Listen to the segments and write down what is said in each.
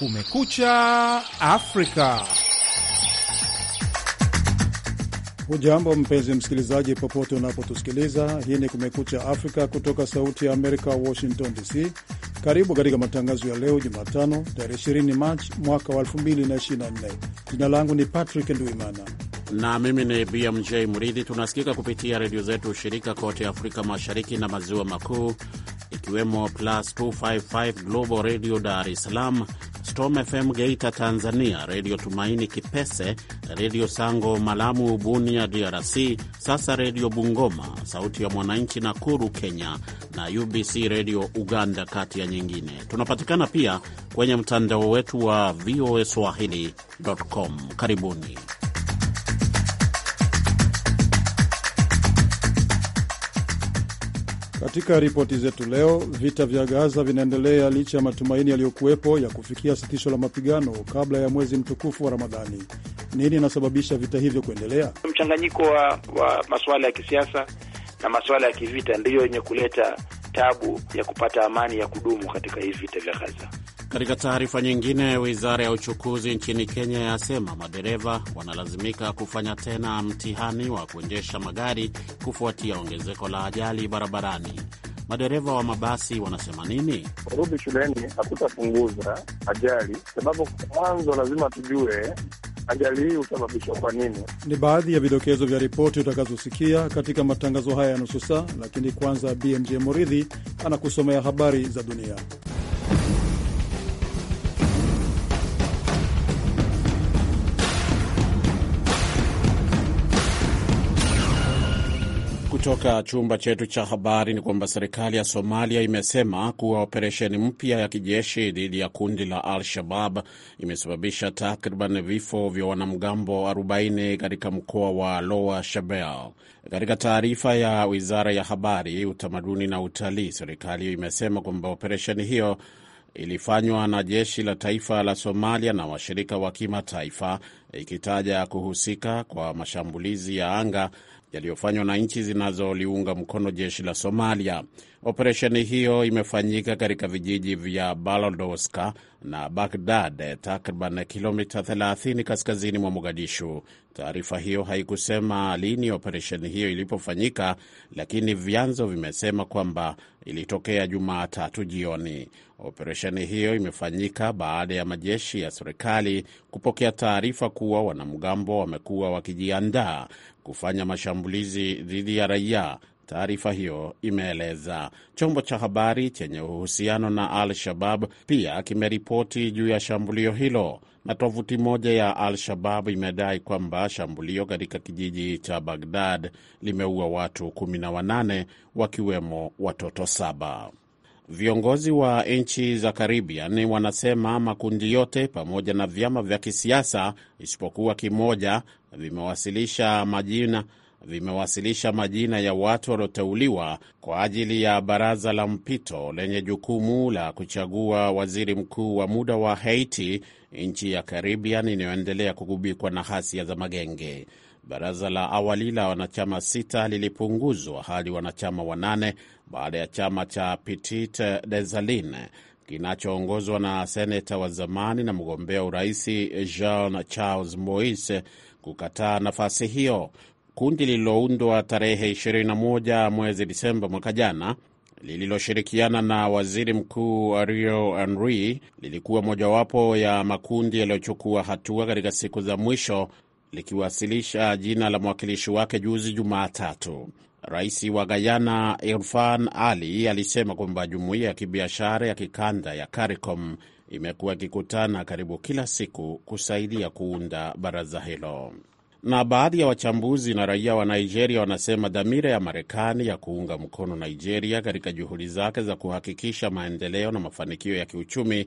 Kumekucha Afrika. Hujambo mpenzi msikilizaji, popote unapotusikiliza. Hii ni Kumekucha Afrika kutoka Sauti ya Amerika, Washington DC. Karibu katika matangazo ya leo Jumatano, tarehe 20 Machi mwaka wa 2024. Jina langu ni Patrick Nduimana na mimi ni BMJ Mridhi. Tunasikika kupitia redio zetu shirika kote Afrika Mashariki na Maziwa Makuu, ikiwemo Plus 255 Global Radio Dar es Salaam, Storm FM Geita Tanzania, Redio Tumaini Kipese, Redio Sango Malamu Bunia DRC, Sasa Redio Bungoma, Sauti ya Mwananchi Nakuru Kenya na UBC Redio Uganda, kati ya nyingine. Tunapatikana pia kwenye mtandao wetu wa VOA Swahili.com. Karibuni. Katika ripoti zetu leo, vita vya Gaza vinaendelea licha ya matumaini yaliyokuwepo ya kufikia sitisho la mapigano kabla ya mwezi mtukufu wa Ramadhani. Nini inasababisha vita hivyo kuendelea? Mchanganyiko wa, wa masuala ya kisiasa na masuala ya kivita ndiyo yenye kuleta tabu ya kupata amani ya kudumu katika hii vita vya Gaza. Katika taarifa nyingine, wizara ya uchukuzi nchini Kenya yasema madereva wanalazimika kufanya tena mtihani wa kuendesha magari kufuatia ongezeko la ajali barabarani. Madereva wa mabasi wanasema nini? Kurudi shuleni hakutapunguza ajali, sababu mwanzo lazima tujue ajali hii husababishwa kwa nini. Ni baadhi ya vidokezo vya ripoti utakazosikia katika matangazo haya ya nusu saa, lakini kwanza BMJ Muridhi anakusomea habari za dunia. kutoka chumba chetu cha habari ni kwamba serikali ya Somalia imesema kuwa operesheni mpya ya kijeshi dhidi ya kundi la Al-Shabab imesababisha takriban vifo vya wanamgambo 40 katika mkoa wa Lower Shabelle. Katika taarifa ya wizara ya habari, utamaduni na utalii, serikali imesema kwamba operesheni hiyo ilifanywa na jeshi la taifa la Somalia na washirika wa kimataifa, ikitaja kuhusika kwa mashambulizi ya anga yaliyofanywa na nchi zinazoliunga mkono jeshi la Somalia. Operesheni hiyo imefanyika katika vijiji vya Balodoska na Bagdad, takriban kilomita 30 kaskazini mwa Mogadishu. Taarifa hiyo haikusema lini operesheni hiyo ilipofanyika, lakini vyanzo vimesema kwamba ilitokea Jumatatu jioni. Operesheni hiyo imefanyika baada ya majeshi ya serikali kupokea taarifa kuwa wanamgambo wamekuwa wakijiandaa kufanya mashambulizi dhidi ya raia. Taarifa hiyo imeeleza. Chombo cha habari chenye uhusiano na Al-Shabab pia kimeripoti juu ya shambulio hilo, na tovuti moja ya Al-Shabab imedai kwamba shambulio katika kijiji cha Bagdad limeua watu 18 wakiwemo watoto saba. Viongozi wa nchi za Caribbean wanasema makundi yote pamoja na vyama vya kisiasa isipokuwa kimoja vimewasilisha majina vimewasilisha majina ya watu walioteuliwa kwa ajili ya baraza la mpito lenye jukumu la kuchagua waziri mkuu wa muda wa Haiti, nchi ya Caribbean inayoendelea kugubikwa na ghasia za magenge. Baraza la awali la wanachama sita lilipunguzwa hadi wanachama wanane baada ya chama cha Petit Desalin kinachoongozwa na seneta wa zamani na mgombea uraisi Jean Charles Moise kukataa nafasi hiyo. Kundi lililoundwa tarehe 21 mwezi Disemba mwaka jana lililoshirikiana na waziri mkuu Ariel Henry lilikuwa mojawapo ya makundi yaliyochukua hatua katika siku za mwisho likiwasilisha jina la mwakilishi wake juzi Jumatatu. Rais wa Gayana Irfan Ali alisema kwamba jumuiya ya kibiashara ya kikanda ya CARICOM imekuwa ikikutana karibu kila siku kusaidia kuunda baraza hilo. Na baadhi ya wachambuzi na raia wa Nigeria wanasema dhamira ya Marekani ya kuunga mkono Nigeria katika juhudi zake za kuhakikisha maendeleo na mafanikio ya kiuchumi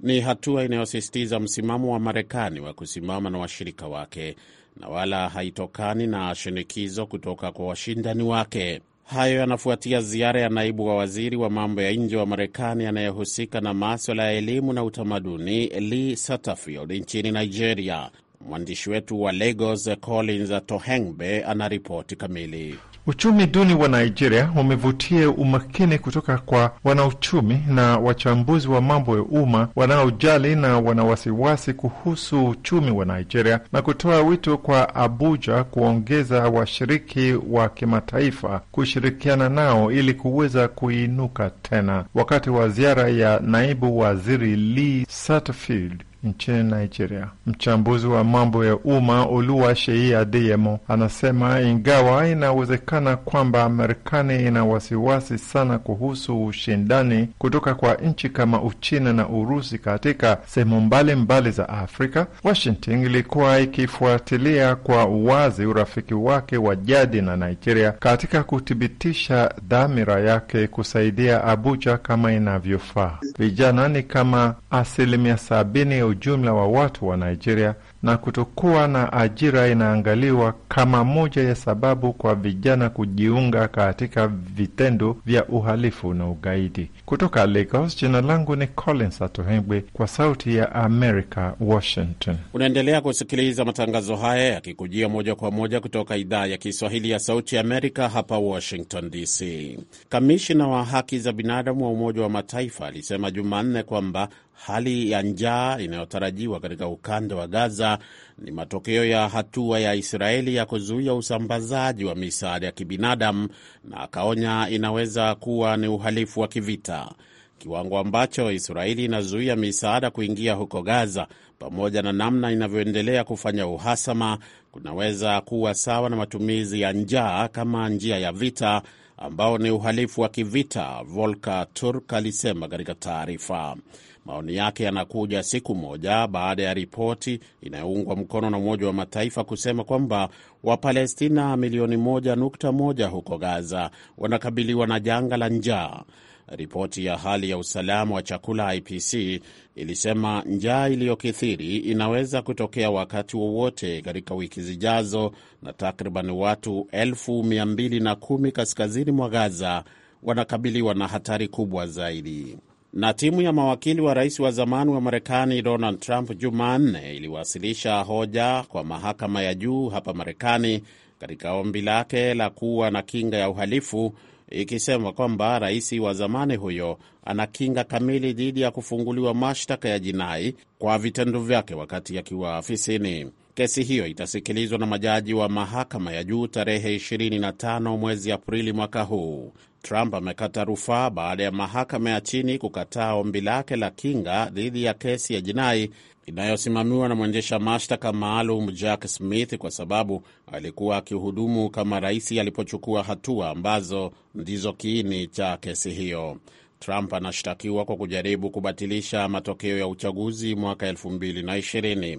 ni hatua inayosisitiza msimamo wa Marekani wa kusimama na washirika wake na wala haitokani na shinikizo kutoka kwa washindani wake. Hayo yanafuatia ziara ya naibu wa waziri wa mambo ya nje wa Marekani anayehusika na maswala ya elimu na utamaduni Lee Satterfield nchini Nigeria. Mwandishi wetu wa Lagos Collins Tohengbe anaripoti kamili. Uchumi duni wa Nigeria umevutia umakini kutoka kwa wanauchumi na wachambuzi wa mambo ya umma wanaojali na wanawasiwasi kuhusu uchumi wa Nigeria na kutoa wito kwa Abuja kuongeza washiriki wa, wa kimataifa kushirikiana nao ili kuweza kuinuka tena. Wakati wa ziara ya naibu waziri Lee Satterfield nchini Nigeria. Mchambuzi wa mambo ya umma Oluwa Shei Adeyemo anasema ingawa inawezekana kwamba Marekani ina wasiwasi sana kuhusu ushindani kutoka kwa nchi kama Uchina na Urusi katika sehemu mbalimbali za Afrika, Washington ilikuwa ikifuatilia kwa uwazi urafiki wake wa jadi na Nigeria katika kuthibitisha dhamira yake kusaidia Abuja kama inavyofaa. Vijana ni kama asilimia sabini ujumla wa watu wa Nigeria na kutokuwa na ajira inaangaliwa kama moja ya sababu kwa vijana kujiunga katika vitendo vya uhalifu na ugaidi. Kutoka Lagos, jina langu ni Collins Atohengwe, kwa Sauti ya Amerika, Washington. Unaendelea kusikiliza matangazo haya yakikujia moja kwa moja kutoka idhaa ya Kiswahili ya Sauti ya Amerika hapa Washington DC. kamishina wa haki za binadamu wa Umoja wa Mataifa alisema Jumanne kwamba hali ya njaa inayotarajiwa katika ukanda wa Gaza ni matokeo ya hatua ya Israeli ya kuzuia usambazaji wa misaada ya kibinadamu, na akaonya inaweza kuwa ni uhalifu wa kivita. Kiwango ambacho Israeli inazuia misaada kuingia huko Gaza, pamoja na namna inavyoendelea kufanya uhasama, kunaweza kuwa sawa na matumizi ya njaa kama njia ya vita ambao ni uhalifu wa kivita, Volker Turk alisema katika taarifa. Maoni yake yanakuja siku moja baada ya ripoti inayoungwa mkono na Umoja wa Mataifa kusema kwamba Wapalestina milioni moja nukta moja huko Gaza wanakabiliwa na janga la njaa. Ripoti ya hali ya usalama wa chakula IPC ilisema njaa iliyokithiri inaweza kutokea wakati wowote katika wiki zijazo, na takriban watu elfu mia mbili na kumi kaskazini mwa Gaza wanakabiliwa na hatari kubwa zaidi. Na timu ya mawakili wa rais wa zamani wa Marekani Donald Trump Jumanne iliwasilisha hoja kwa mahakama ya juu hapa Marekani katika ombi lake la kuwa na kinga ya uhalifu ikisema kwamba rais wa zamani huyo ana kinga kamili dhidi ya kufunguliwa mashtaka ya jinai kwa vitendo vyake wakati akiwa afisini. Kesi hiyo itasikilizwa na majaji wa mahakama ya juu tarehe 25 mwezi Aprili mwaka huu. Trump amekata rufaa baada ya mahakama ya chini kukataa ombi lake la kinga dhidi ya kesi ya jinai inayosimamiwa na mwendesha mashtaka maalum Jack Smith kwa sababu alikuwa akihudumu kama rais alipochukua hatua ambazo ndizo kiini cha kesi hiyo. Trump anashtakiwa kwa kujaribu kubatilisha matokeo ya uchaguzi mwaka 2020.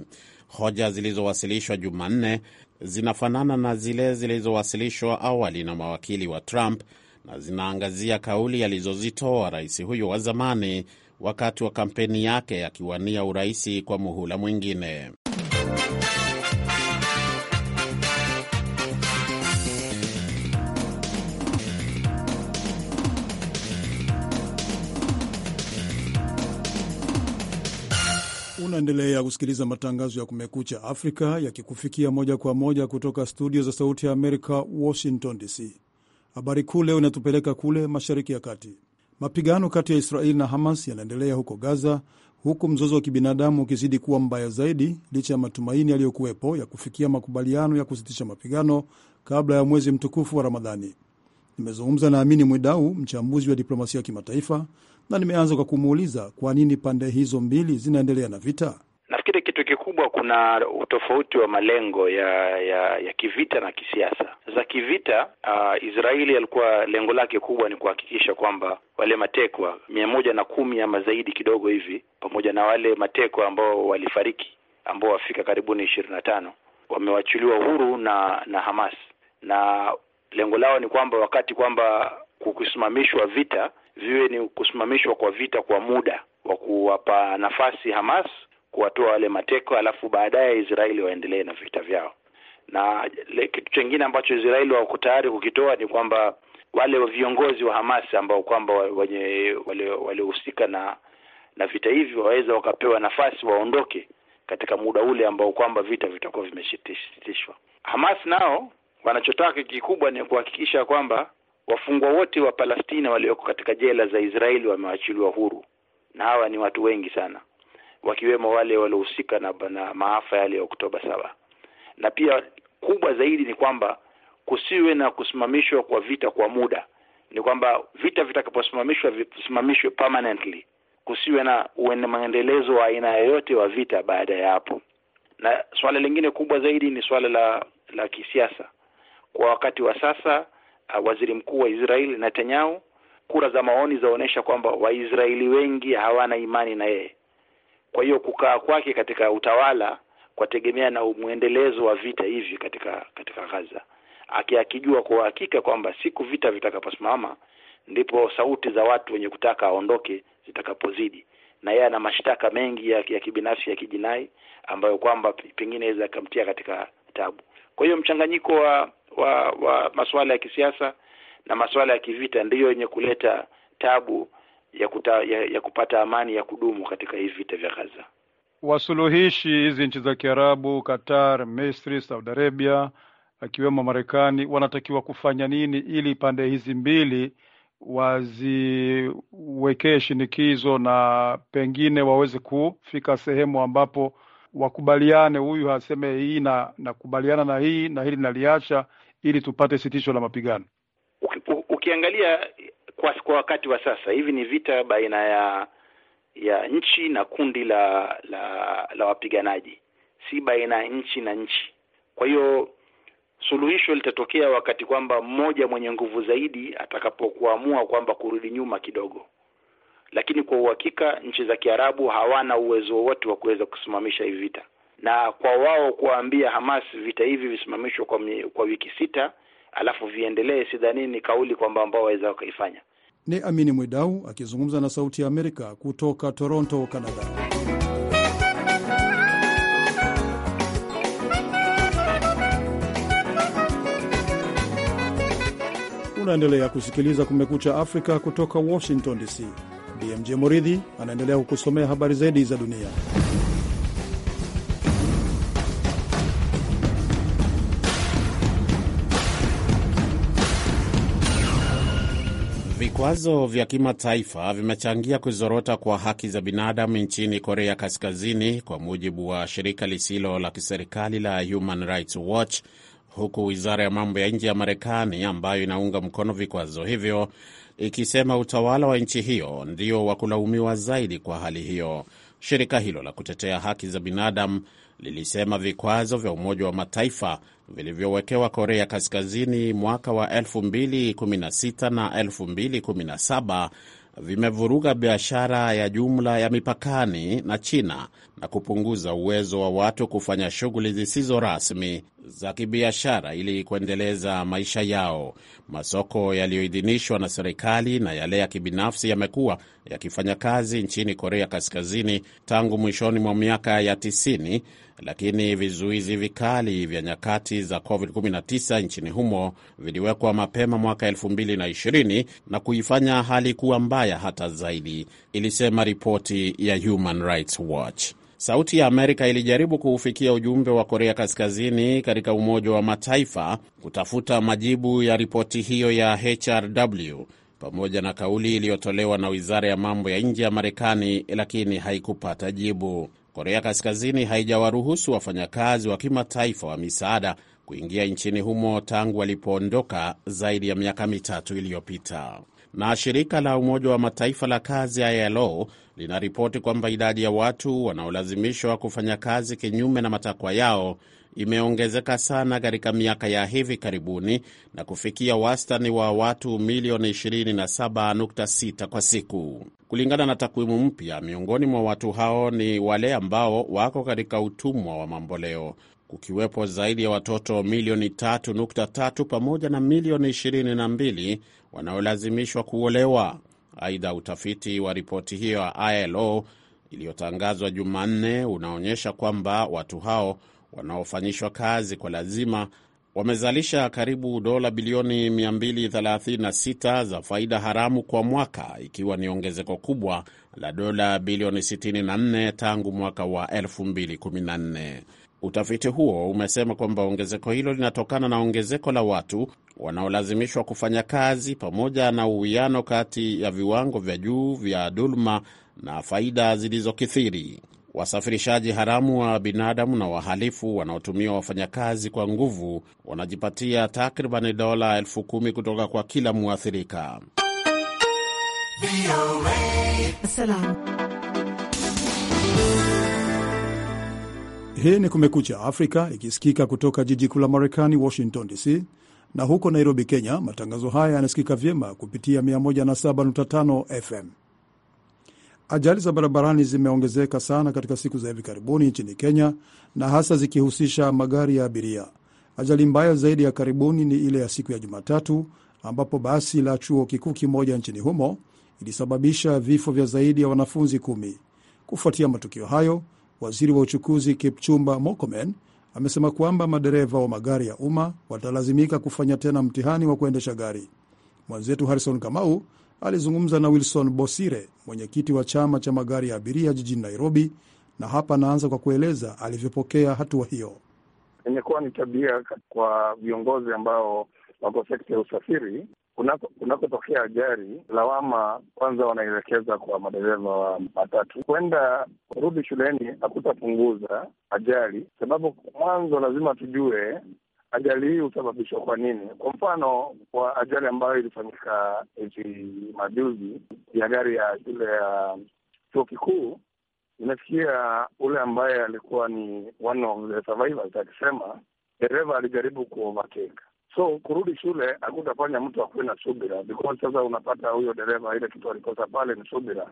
Hoja zilizowasilishwa Jumanne zinafanana na zile zilizowasilishwa awali na mawakili wa Trump na zinaangazia kauli alizozitoa rais huyo wa zamani wakati wa kampeni yake akiwania uraisi kwa muhula mwingine. Unaendelea kusikiliza matangazo ya Kumekucha Afrika yakikufikia moja kwa moja kutoka studio za Sauti ya Amerika, Washington DC. Habari kuu leo inatupeleka kule Mashariki ya Kati. Mapigano kati ya Israeli na Hamas yanaendelea huko Gaza, huku mzozo wa kibinadamu ukizidi kuwa mbaya zaidi, licha ya matumaini yaliyokuwepo ya kufikia makubaliano ya kusitisha mapigano kabla ya mwezi mtukufu wa Ramadhani. Nimezungumza na Amini Mwidau, mchambuzi wa diplomasia ya kimataifa, na nimeanza kwa kumuuliza kwa nini pande hizo mbili zinaendelea na vita. Nafikiri kitu kikubwa, kuna utofauti wa malengo ya ya, ya kivita na kisiasa. Sasa kivita, uh, Israeli alikuwa lengo lake kubwa ni kuhakikisha kwamba wale matekwa mia moja na kumi ama zaidi kidogo hivi, pamoja na wale matekwa ambao walifariki ambao wafika karibuni ishirini na tano wamewachiliwa huru na na Hamas, na lengo lao ni kwamba wakati kwamba kukisimamishwa vita viwe ni kusimamishwa kwa vita kwa muda wa kuwapa nafasi Hamas kuwatoa wale mateko, alafu baadaye Israeli waendelee na vita vyao. Na kitu chengine ambacho Israeli wako tayari kukitoa ni kwamba wale viongozi wa Hamas ambao kwamba wenye waliohusika na na vita hivi waweza wakapewa nafasi waondoke katika muda ule ambao kwamba vita vitakuwa vimesitishwa. Hamas nao wanachotaka kikubwa ni kuhakikisha kwamba Wafungwa wote wa Palestina walioko katika jela za Israeli wamewachiliwa huru, na hawa ni watu wengi sana, wakiwemo wale waliohusika na, na maafa yale ya Oktoba saba. Na pia kubwa zaidi ni kwamba kusiwe na kusimamishwa kwa vita kwa muda, ni kwamba vita vitakaposimamishwa visimamishwe permanently, kusiwe na maendelezo wa aina yoyote wa vita baada ya hapo. Na swala lingine kubwa zaidi ni swala la la kisiasa. Kwa wakati wa sasa Uh, waziri mkuu wa Israeli Netanyahu, kura za maoni zaonyesha kwamba Waisraeli wengi hawana imani na yeye. Kwa hiyo kukaa kwake katika utawala kwategemea na mwendelezo wa vita hivi katika katika Gaza, akijua kwa uhakika kwamba siku vita vitakaposimama ndipo sauti za watu wenye kutaka aondoke zitakapozidi, na yeye ana mashtaka mengi ya, ya kibinafsi ya kijinai ambayo kwamba pengine iweza akamtia katika tabu. Kwa hiyo mchanganyiko wa wa, wa masuala ya kisiasa na masuala ya kivita ndiyo yenye kuleta tabu ya, kuta, ya, ya kupata amani ya kudumu katika hivi vita vya Gaza. Wasuluhishi hizi nchi za Kiarabu, Qatar, Misri, Saudi Arabia akiwemo Marekani wanatakiwa kufanya nini ili pande hizi mbili waziwekee shinikizo na pengine waweze kufika sehemu ambapo wakubaliane, huyu aseme hii na nakubaliana na hii na hili naliacha, ili tupate sitisho la mapigano. Ukiangalia kwa, kwa wakati wa sasa hivi ni vita baina ya ya nchi na kundi la la, la wapiganaji, si baina ya nchi na nchi. Kwa hiyo suluhisho litatokea wakati kwamba mmoja mwenye nguvu zaidi atakapokuamua kwamba kurudi nyuma kidogo, lakini kwa uhakika nchi za Kiarabu hawana uwezo wowote wa kuweza kusimamisha hivi vita na kwa wao kuwaambia Hamas vita hivi visimamishwe kwa, kwa wiki sita alafu viendelee, sidhani ni kauli kwamba ambao waweza wakaifanya. Ni Amini Mwidau akizungumza na Sauti ya Amerika kutoka Toronto, Canada. Unaendelea kusikiliza Kumekucha Afrika kutoka Washington DC. BMJ Moridhi anaendelea kukusomea habari zaidi za dunia. Vikwazo vya kimataifa vimechangia kuzorota kwa haki za binadamu nchini Korea Kaskazini, kwa mujibu wa shirika lisilo la kiserikali la Human Rights Watch, huku wizara ya mambo ya nje ya Marekani ambayo inaunga mkono vikwazo hivyo ikisema utawala wa nchi hiyo ndio wa kulaumiwa zaidi kwa hali hiyo. Shirika hilo la kutetea haki za binadamu lilisema vikwazo vya Umoja wa Mataifa vilivyowekewa Korea Kaskazini mwaka wa 2016 na 2017 vimevuruga biashara ya jumla ya mipakani na China na kupunguza uwezo wa watu kufanya shughuli zisizo rasmi za kibiashara ili kuendeleza maisha yao. Masoko yaliyoidhinishwa na serikali na yale ya kibinafsi yamekuwa yakifanya kazi nchini Korea Kaskazini tangu mwishoni mwa miaka ya 90, lakini vizuizi vikali vya nyakati za COVID-19 nchini humo viliwekwa mapema mwaka 2020 na kuifanya hali kuwa mbaya hata zaidi, ilisema ripoti ya Human Rights Watch. Sauti ya Amerika ilijaribu kuufikia ujumbe wa Korea Kaskazini katika Umoja wa Mataifa kutafuta majibu ya ripoti hiyo ya HRW pamoja na kauli iliyotolewa na wizara ya mambo ya nje ya Marekani, lakini haikupata jibu. Korea Kaskazini haijawaruhusu wafanyakazi wa kimataifa wa misaada kuingia nchini humo tangu walipoondoka zaidi ya miaka mitatu iliyopita. Na shirika la Umoja wa Mataifa la kazi ILO linaripoti kwamba idadi ya watu wanaolazimishwa kufanya kazi kinyume na matakwa yao imeongezeka sana katika miaka ya hivi karibuni na kufikia wastani wa watu milioni 27.6 kwa siku. Kulingana na takwimu mpya, miongoni mwa watu hao ni wale ambao wako katika utumwa wa mamboleo kukiwepo zaidi ya watoto milioni 3.3 pamoja na milioni 22 wanaolazimishwa kuolewa. Aidha, utafiti wa ripoti hiyo ya ILO iliyotangazwa Jumanne unaonyesha kwamba watu hao wanaofanyishwa kazi kwa lazima wamezalisha karibu dola bilioni 236 za faida haramu kwa mwaka, ikiwa ni ongezeko kubwa la dola bilioni 64 tangu mwaka wa 2014. Utafiti huo umesema kwamba ongezeko hilo linatokana na ongezeko la watu wanaolazimishwa kufanya kazi pamoja na uwiano kati ya viwango vya juu vya dhuluma na faida zilizokithiri. Wasafirishaji haramu wa binadamu na wahalifu wanaotumia wafanyakazi kwa nguvu wanajipatia takribani dola elfu kumi kutoka kwa kila mwathirika. Hii ni Kumekucha Afrika ikisikika kutoka jiji kuu la Marekani, Washington DC, na huko Nairobi, Kenya, matangazo haya yanasikika vyema kupitia 107.5 FM. Ajali za barabarani zimeongezeka sana katika siku za hivi karibuni nchini Kenya, na hasa zikihusisha magari ya abiria. Ajali mbaya zaidi ya karibuni ni ile ya siku ya Jumatatu ambapo basi la chuo kikuu kimoja nchini humo ilisababisha vifo vya zaidi ya wanafunzi kumi. Kufuatia matukio hayo, Waziri wa uchukuzi Kipchumba Mokomen amesema kwamba madereva wa magari ya umma watalazimika kufanya tena mtihani wa kuendesha gari. Mwenzetu Harrison Kamau alizungumza na Wilson Bosire, mwenyekiti wa chama cha magari ya abiria jijini Nairobi, na hapa anaanza kwa kueleza alivyopokea hatua hiyo. Imekuwa ni tabia kwa viongozi ambao wako sekta ya usafiri kunakotokea ajali, lawama kwanza wanaelekeza kwa madereva wa matatu. Kwenda kurudi shuleni hakutapunguza ajali, sababu mwanzo lazima tujue ajali hii husababishwa kwa nini. Kwa mfano, kwa ajali ambayo ilifanyika hivi majuzi ya gari ya shule ya chuo kikuu, imefikia ule ambaye alikuwa ni one of the survivors akisema dereva alijaribu kuovertake So kurudi shule hakutafanya mtu akuwe na subira, because sasa unapata huyo dereva ile kitu alikosa pale ni subira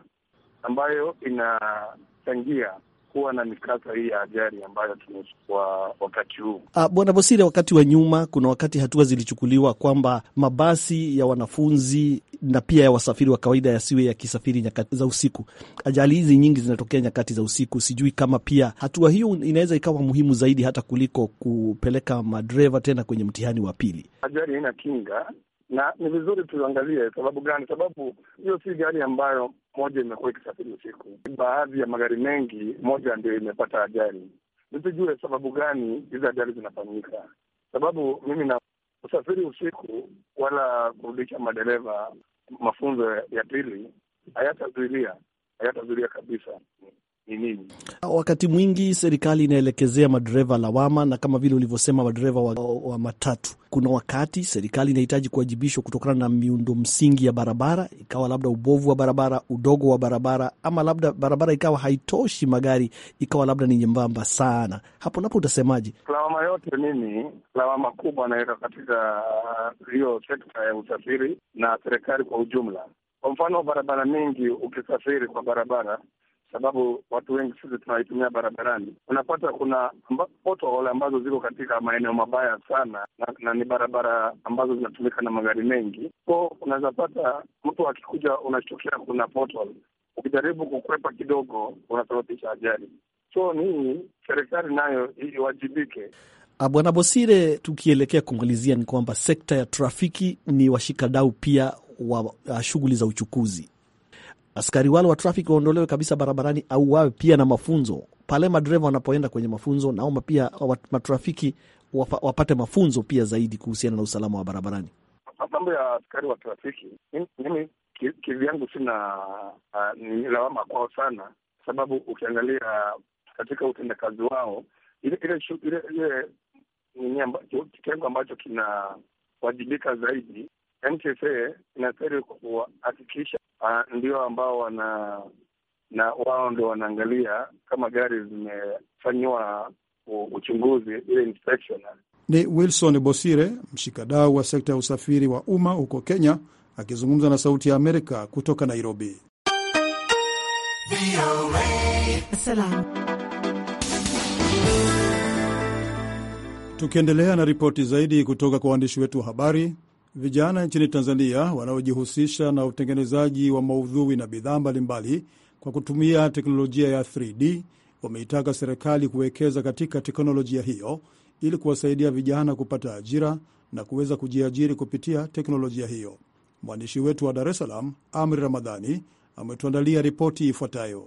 ambayo inachangia kuwa na mikasa hii ya ajali ambayo tumechukua wakati huu. Ah, Bwana Bosire, wakati wa nyuma, kuna wakati hatua zilichukuliwa kwamba mabasi ya wanafunzi na pia ya wasafiri wa kawaida yasiwe yakisafiri nyakati za usiku. Ajali hizi nyingi zinatokea nyakati za usiku. Sijui kama pia hatua hiyo inaweza ikawa muhimu zaidi hata kuliko kupeleka madereva tena kwenye mtihani wa pili. Ajali haina kinga na ni vizuri tuangalie sababu gani, sababu hiyo si gari ambayo moja imekuwa ikisafiri usiku. Baadhi ya magari mengi, moja ndio imepata ajali. Nisijue sababu gani hizi ajali zinafanyika, sababu mimi na usafiri usiku wala kurudisha madereva mafunzo ya pili hayatazuilia, hayatazuilia kabisa ni nini. Wakati mwingi serikali inaelekezea madereva lawama, na kama vile ulivyosema madereva wa, wa matatu, kuna wakati serikali inahitaji kuwajibishwa kutokana na miundo msingi ya barabara, ikawa labda ubovu wa barabara, udogo wa barabara, ama labda barabara ikawa haitoshi magari, ikawa labda ni nyembamba sana. Hapo napo utasemaje? Lawama yote mimi, lawama kubwa anaweka katika hiyo sekta ya usafiri na serikali kwa ujumla. Kwa mfano barabara mingi, ukisafiri kwa barabara sababu watu wengi sisi tunaitumia barabarani. Unapata kuna pothole ambazo ziko katika maeneo mabaya sana na, na ni barabara ambazo zinatumika na magari mengi, so unaweza pata mtu akikuja, unashtukia kuna pothole, ukijaribu kukwepa kidogo unasababisha ajali. So nini, serikali nayo iwajibike. Ah, Bwana Bosire, tukielekea kumalizia, ni kwamba sekta ya trafiki ni washikadau pia wa shughuli za uchukuzi askari wale wa trafiki waondolewe kabisa barabarani au wawe pia na mafunzo pale madereva wanapoenda kwenye mafunzo, naomba pia matrafiki wapate mafunzo pia zaidi kuhusiana na usalama wa barabarani. Mambo ya askari wa trafiki, mimi kivyangu sina uh, ni lawama kwao sana, sababu ukiangalia katika utendakazi wao ile ile ile kitengo ambacho kinawajibika zaidi, NTSA inastahili kuhakikisha Ah, ndio ambao wana na wao ndio wanaangalia kama gari zimefanyiwa uchunguzi ile inspection. Ni Wilson Bosire, mshikadau wa sekta ya usafiri wa umma huko Kenya, akizungumza na Sauti ya Amerika kutoka Nairobi. Tukiendelea na ripoti zaidi kutoka kwa waandishi wetu wa habari, Vijana nchini Tanzania wanaojihusisha na utengenezaji wa maudhui na bidhaa mbalimbali kwa kutumia teknolojia ya 3D wameitaka serikali kuwekeza katika teknolojia hiyo ili kuwasaidia vijana kupata ajira na kuweza kujiajiri kupitia teknolojia hiyo. Mwandishi wetu wa Dar es Salaam, Amri Ramadhani, ametuandalia ripoti ifuatayo.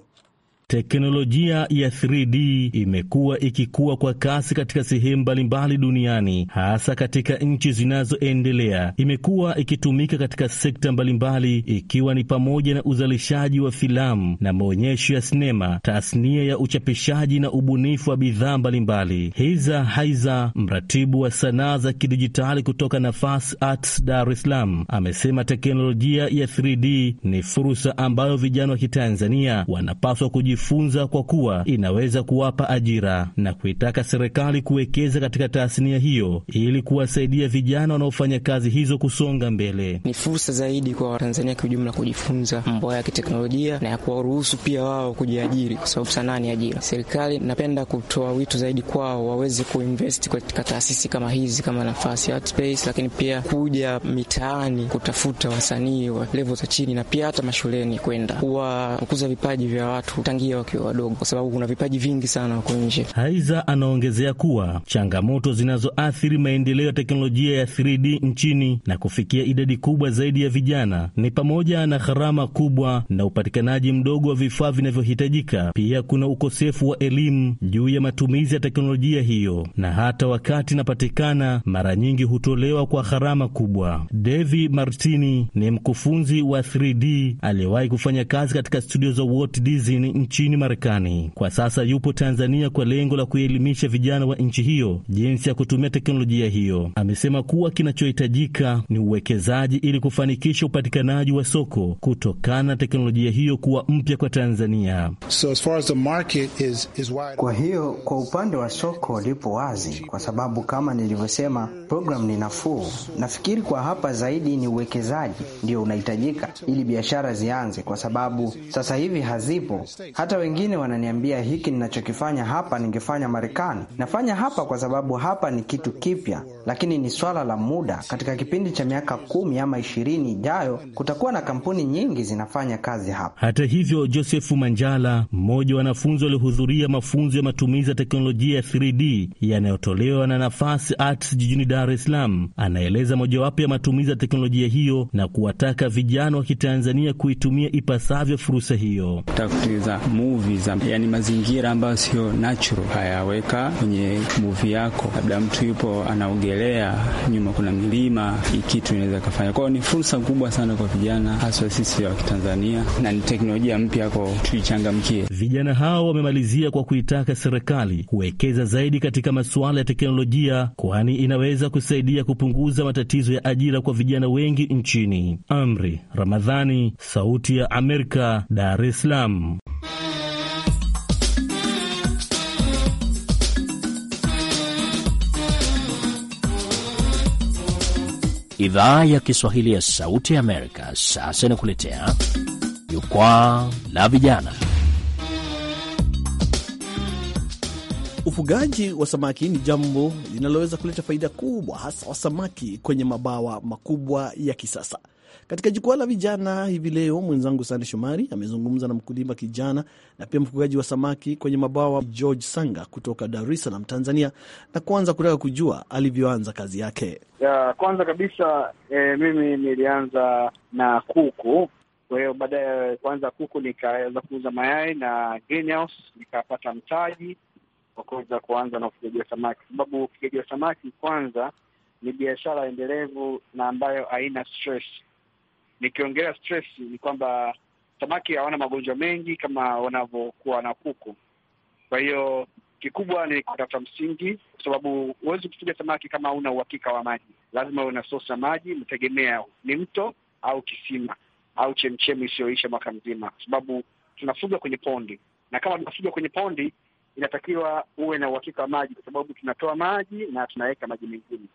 Teknolojia ya 3D imekuwa ikikua kwa kasi katika sehemu mbalimbali duniani, hasa katika nchi zinazoendelea. Imekuwa ikitumika katika sekta mbalimbali, ikiwa ni pamoja na uzalishaji wa filamu na maonyesho ya sinema, tasnia ya uchapishaji na ubunifu wa bidhaa mbalimbali. Hiza Haiza, mratibu wa sanaa za kidijitali kutoka Nafasi Arts Dar es Salaam, amesema teknolojia ya 3D ni fursa ambayo vijana wa Kitanzania wanapaswa kuji kujifunza kwa kuwa inaweza kuwapa ajira na kuitaka serikali kuwekeza katika tasnia hiyo ili kuwasaidia vijana wanaofanya kazi hizo kusonga mbele. Ni fursa zaidi kwa Watanzania kiujumla kujifunza mambo ya kiteknolojia na ya kuwaruhusu pia wao kujiajiri, kwa sababu sanaa ni ajira. Serikali napenda kutoa wito zaidi kwao waweze kuinvest katika taasisi kama hizi kama nafasi Art Space, lakini pia kuja mitaani kutafuta wasanii wa levo za chini na pia hata mashuleni kwenda kuwakuza vipaji vya watu tangi kujipatia wakiwa wadogo, kwa sababu kuna vipaji vingi sana huko nje. Haiza anaongezea kuwa changamoto zinazoathiri maendeleo ya teknolojia ya 3D nchini na kufikia idadi kubwa zaidi ya vijana ni pamoja na gharama kubwa na upatikanaji mdogo wa vifaa vinavyohitajika. Pia kuna ukosefu wa elimu juu ya matumizi ya teknolojia hiyo, na hata wakati inapatikana mara nyingi hutolewa kwa gharama kubwa. Devi Martini ni mkufunzi wa 3D aliyewahi kufanya kazi katika studio za Walt Disney nchini nchini Marekani. Kwa sasa yupo Tanzania kwa lengo la kuelimisha vijana wa nchi hiyo jinsi ya kutumia teknolojia hiyo. Amesema kuwa kinachohitajika ni uwekezaji ili kufanikisha upatikanaji wa soko kutokana na teknolojia hiyo kuwa mpya kwa Tanzania. So as far as the market is, is wide... kwa hiyo kwa upande wa soko lipo wazi, kwa sababu kama nilivyosema, programu ni nafuu. Nafikiri kwa hapa zaidi ni uwekezaji ndio unahitajika ili biashara zianze, kwa sababu sasa hivi hazipo. Hata hata wengine wananiambia hiki ninachokifanya hapa ningefanya Marekani. Nafanya hapa kwa sababu hapa ni kitu kipya, lakini ni swala la muda. Katika kipindi cha miaka kumi ama ishirini ijayo, kutakuwa na kampuni nyingi zinafanya kazi hapa. Hata hivyo, Josefu Manjala, mmoja wa wanafunzi waliohudhuria mafunzo ya matumizi ya teknolojia ya 3D yanayotolewa na Nafasi Arts jijini Dar es Salaam, anaeleza mojawapo ya matumizi ya teknolojia hiyo na kuwataka vijana wa Kitanzania kuitumia ipasavyo fursa hiyo. Tafutiza movie yani mazingira ambayo sio natural hayaweka kwenye movie yako. Labda mtu yupo anaogelea, nyuma kuna milima, ikitu kitu inaweza kafanya kwao. Ni fursa kubwa sana kwa vijana, haswa sisi wa Kitanzania, na ni teknolojia mpya ko tuichangamkie. Vijana hao wamemalizia kwa kuitaka serikali kuwekeza zaidi katika masuala ya teknolojia, kwani inaweza kusaidia kupunguza matatizo ya ajira kwa vijana wengi nchini. Amri Ramadhani, Sauti ya Amerika, Dar es Salaam. Idhaa ya Kiswahili ya Sauti ya Amerika sasa inakuletea jukwaa la vijana. Ufugaji wa samaki ni jambo linaloweza kuleta faida kubwa, hasa wa samaki kwenye mabawa makubwa ya kisasa. Katika jukwaa la vijana hivi leo, mwenzangu Sande Shomari amezungumza na mkulima kijana na pia mfugaji wa samaki kwenye mabawa George Sanga kutoka Dar es Salaam, Tanzania, na kwanza kutaka kujua alivyoanza kazi yake. Ya, kwanza kabisa e, mimi nilianza na kuku kwa hiyo baada ya kuanza kuku nikaweza kuuza mayai na greenhouse, nikapata mtaji wa kuweza kuanza na ufugaji wa samaki, sababu ufugaji wa samaki kwanza ni biashara endelevu na ambayo haina stress nikiongelea stress ni kwamba samaki hawana magonjwa mengi kama wanavyokuwa na kuku. Kwa hiyo kikubwa ni kutafuta msingi, kwa sababu huwezi kufuga samaki kama huna uhakika wa maji. Lazima uwe na maji, mtegemea ni mto au kisima au chemchemi isiyoisha mwaka mzima, kwa sababu tunafuga kwenye pondi, na kama tunafuga kwenye pondi inatakiwa uwe na uhakika wa maji, kwa sababu tunatoa maji na tunaweka maji mengine.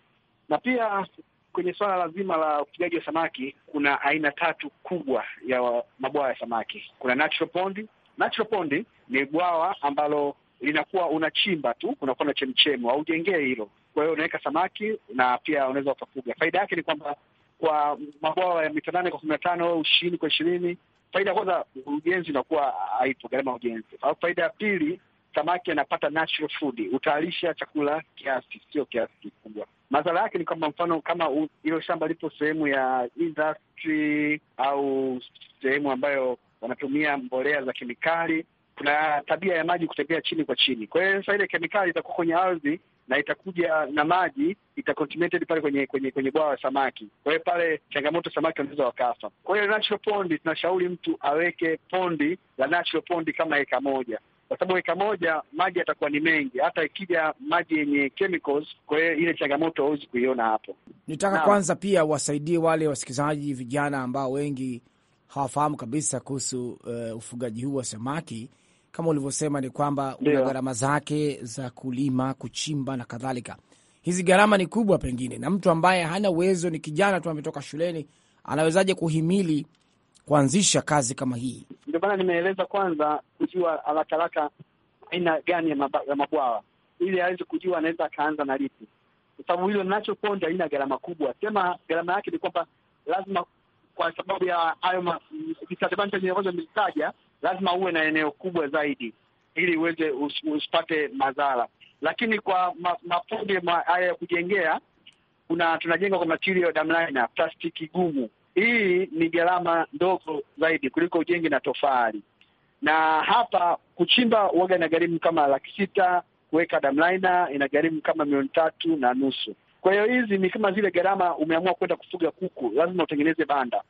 Na pia kwenye swala la zima la ufugaji wa samaki kuna aina tatu kubwa ya mabwawa ya samaki. Kuna natural pond. Natural pond ni bwawa ambalo linakuwa unachimba tu, kunakuwa na chemchemu au jengee hilo, kwa hiyo unaweka samaki na pia unaweza ukafuga. Faida yake ni kwamba kwa mabwawa ya mita nane kwa kumi na tano au ishirini kwa ishirini faida kwanza ujenzi unakuwa haipo, gharama ya ujenzi. Faida ya pili samaki anapata natural food, utaalisha chakula kiasi, sio kiasi kikubwa. Madhara yake ni kwamba mfano kama hilo shamba lipo sehemu ya industry au sehemu ambayo wanatumia mbolea za kemikali, kuna tabia ya maji kutembea chini kwa chini. Kwa hiyo sasa ile kemikali itakuwa kwenye ardhi na itakuja na maji itacontaminated pale kwenye kwenye kwenye bwawa la samaki. Kwa hiyo pale changamoto, samaki wanaweza wakafa. Kwa hiyo natural pond, tunashauri mtu aweke pondi la natural pond kama eka moja, kwa sababu eka moja maji yatakuwa ni mengi, hata ikija maji yenye chemicals. Kwa hiyo ile changamoto hauwezi kuiona hapo. Nitaka na kwanza pia wasaidie wale wasikilizaji vijana ambao wengi hawafahamu kabisa kuhusu uh, ufugaji huu wa samaki. Kama ulivyosema ni kwamba una gharama zake za kulima, kuchimba na kadhalika. Hizi gharama ni kubwa, pengine na mtu ambaye hana uwezo, ni kijana tu ametoka shuleni, anawezaje kuhimili kuanzisha kazi kama hii? Ndio maana nimeeleza kwanza kujua haraka haraka aina gani ya, ya mabwawa ili aweze kujua anaweza akaanza na lipi, kwa sababu hilo ninachoponja haina gharama kubwa. Sema gharama yake ni kwamba lazima, kwa sababu ya hayo disadvantage ambazo nimezitaja, lazima uwe na eneo kubwa zaidi ili uweze usipate madhara. Lakini kwa maponde haya ya kujengea, kuna tunajenga kwa material damliner, plastiki gumu hii ni gharama ndogo zaidi kuliko ujenzi na tofali, na hapa kuchimba ina garimu kama laki sita, kuweka ina garimu kama milioni tatu na nusu. Kwa hiyo hizi ni kama zile gharama, umeamua kwenda kufuga kuku, lazima utengeneze banda,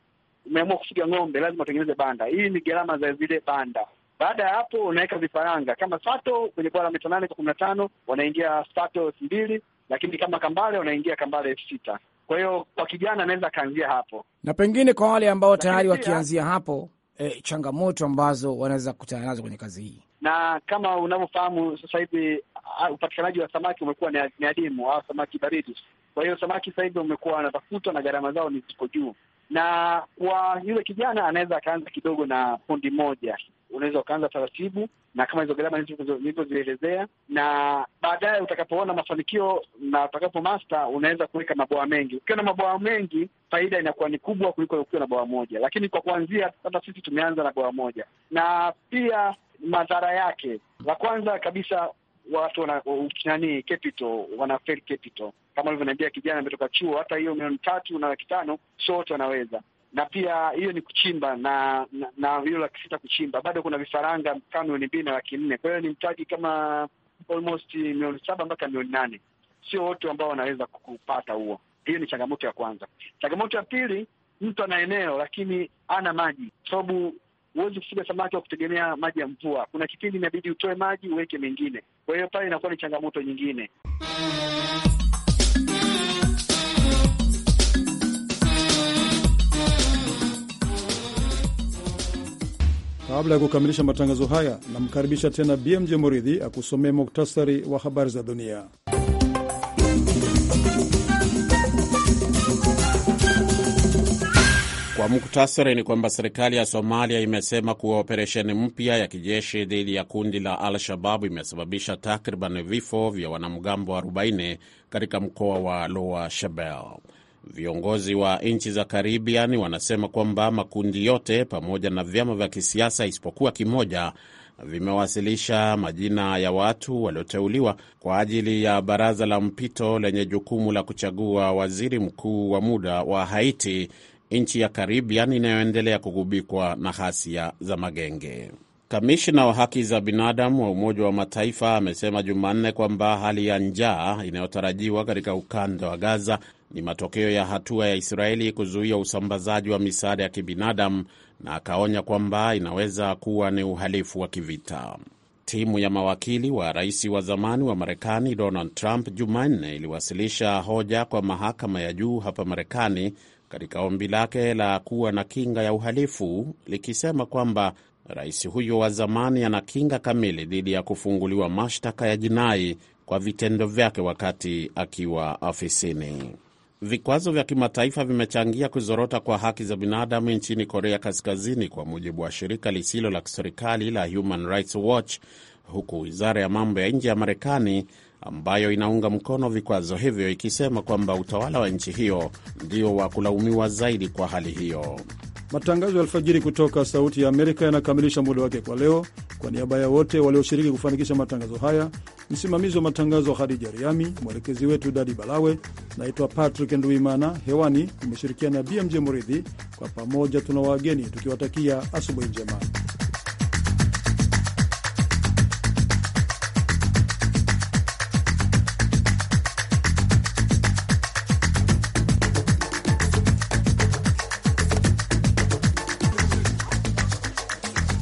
umeamua kufuga ng'ombe, lazima utengeneze banda. Hii ni gharama za zile banda. Baada ya hapo unaweka vifaranga kama sato kwenye bwawa la mita nane kwa kumi na tano wanaingia sato elfu mbili lakini kama kambale wanaingia kambale elfu sita Kwa hiyo kwa kijana anaweza akaanzia hapo. Na pengine kwa wale ambao tayari wakianzia hapo e, changamoto ambazo wanaweza kukutana nazo kwenye kazi hii, na kama unavyofahamu sasa hivi ah, upatikanaji wa samaki umekuwa ni adimu, au samaki baridi. Kwa hiyo samaki sasa hivi umekuwa wanatafuta na gharama zao ni ziko juu, na kwa yule kijana anaweza akaanza kidogo na kundi moja unaweza ukaanza taratibu, na kama hizo gharama ilivyozielezea na baadaye utakapoona mafanikio na utakapo master, unaweza kuweka mabwawa mengi. Ukiwa na mabwawa mengi, faida inakuwa ni kubwa kuliko ukiwa na bwawa moja, lakini kwa kuanzia, hata sisi tumeanza na bwawa moja, na pia madhara yake, la kwanza kabisa watu wana nani, capital wana fail capital, kama alivyo kijana ametoka chuo, hata hiyo milioni tatu na laki tano wote wanaweza na pia hiyo ni kuchimba na na, na hilo laki sita kuchimba, bado kuna vifaranga kama milioni mbili na laki nne. Kwa hiyo ni mtaji kama almost milioni saba mpaka milioni nane. Sio wote ambao wanaweza kupata huo. Hiyo ni changamoto ya kwanza. Changamoto ya pili, mtu ana eneo lakini ana maji, sababu huwezi kufuga samaki wa kutegemea maji ya mvua. Kuna kipindi inabidi utoe maji uweke mengine, kwa hiyo pale inakuwa ni changamoto nyingine. Kabla ya kukamilisha matangazo haya, namkaribisha tena BMJ Muridhi akusomee muktasari wa habari za dunia. Kwa muktasari ni kwamba serikali ya Somalia imesema kuwa operesheni mpya ya kijeshi dhidi ya kundi la Al-Shababu imesababisha takriban vifo vya wanamgambo 40 katika mkoa wa Lower Shabelle. Viongozi wa nchi za Karibian wanasema kwamba makundi yote pamoja na vyama vya kisiasa isipokuwa kimoja vimewasilisha majina ya watu walioteuliwa kwa ajili ya baraza la mpito lenye jukumu la kuchagua waziri mkuu wa muda wa Haiti, nchi ya Karibian inayoendelea kugubikwa na ghasia za magenge. Kamishna wa haki za binadamu wa Umoja wa Mataifa amesema Jumanne kwamba hali ya njaa inayotarajiwa katika ukanda wa Gaza ni matokeo ya hatua ya Israeli kuzuia usambazaji wa misaada ya kibinadamu na akaonya kwamba inaweza kuwa ni uhalifu wa kivita. Timu ya mawakili wa rais wa zamani wa Marekani Donald Trump Jumanne iliwasilisha hoja kwa mahakama ya juu hapa Marekani katika ombi lake la kuwa na kinga ya uhalifu likisema kwamba Rais huyo wa zamani ana kinga kamili dhidi ya kufunguliwa mashtaka ya jinai kwa vitendo vyake wakati akiwa afisini. Vikwazo vya kimataifa vimechangia kuzorota kwa haki za binadamu nchini Korea Kaskazini, kwa mujibu wa shirika lisilo la kiserikali la Human Rights Watch, huku wizara ya mambo ya nje ya Marekani ambayo inaunga mkono vikwazo hivyo ikisema kwamba utawala wa nchi hiyo ndio wa kulaumiwa zaidi kwa hali hiyo. Matangazo ya alfajiri kutoka Sauti ya Amerika yanakamilisha muda wake kwa leo. Kwa niaba ya wote walioshiriki kufanikisha matangazo haya, msimamizi wa matangazo Hadija Riami, mwelekezi wetu Dadi Balawe. Naitwa Patrick Nduimana, hewani umeshirikiana BMJ Muridhi. Kwa pamoja tuna wageni tukiwatakia asubuhi njema.